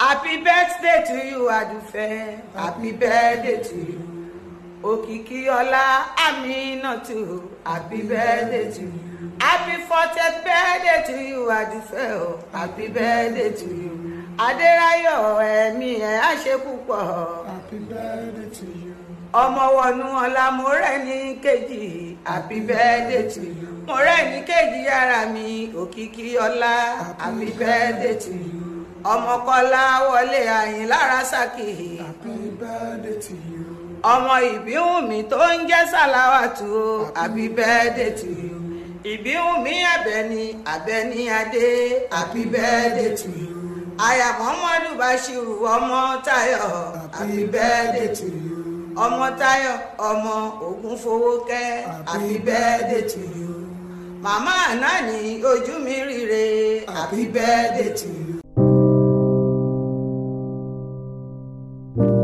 happy birthday to you adufe happy birthday to you òkìkí ọlá aminatu happy birthday to you happy fortieth birthday to you adufe o happy birthday to you adéráyọ̀ ẹ̀mí ẹ̀ á ṣe happy birthday to you ọmọ wọnú ọlá mo rẹ ní kejì happy birthday to you mo rẹ ní kejì yàrá mi òkìkí ọlá happy birthday to you ọmọkọlá wọlé àyìnlá rasaki ọmọ ìbíwùmí tó ń jẹ́ sàláwàtú àbí bẹ́ẹ̀dẹ̀ tì í ìbíwùmí àbẹ̀ni àbẹ̀ni adé àbí bẹ́ẹ̀dẹ̀ tì í aya muhammadu bashiru ọmọ tayo àbí bẹ́ẹ̀dẹ̀ tì í ọmọ tayo ọmọ ògúnfowókẹ́ àbí bẹ́ẹ̀dẹ̀ tì í màmá náà ní ojú mi rire àbí bẹ́ẹ̀dẹ̀ tì í.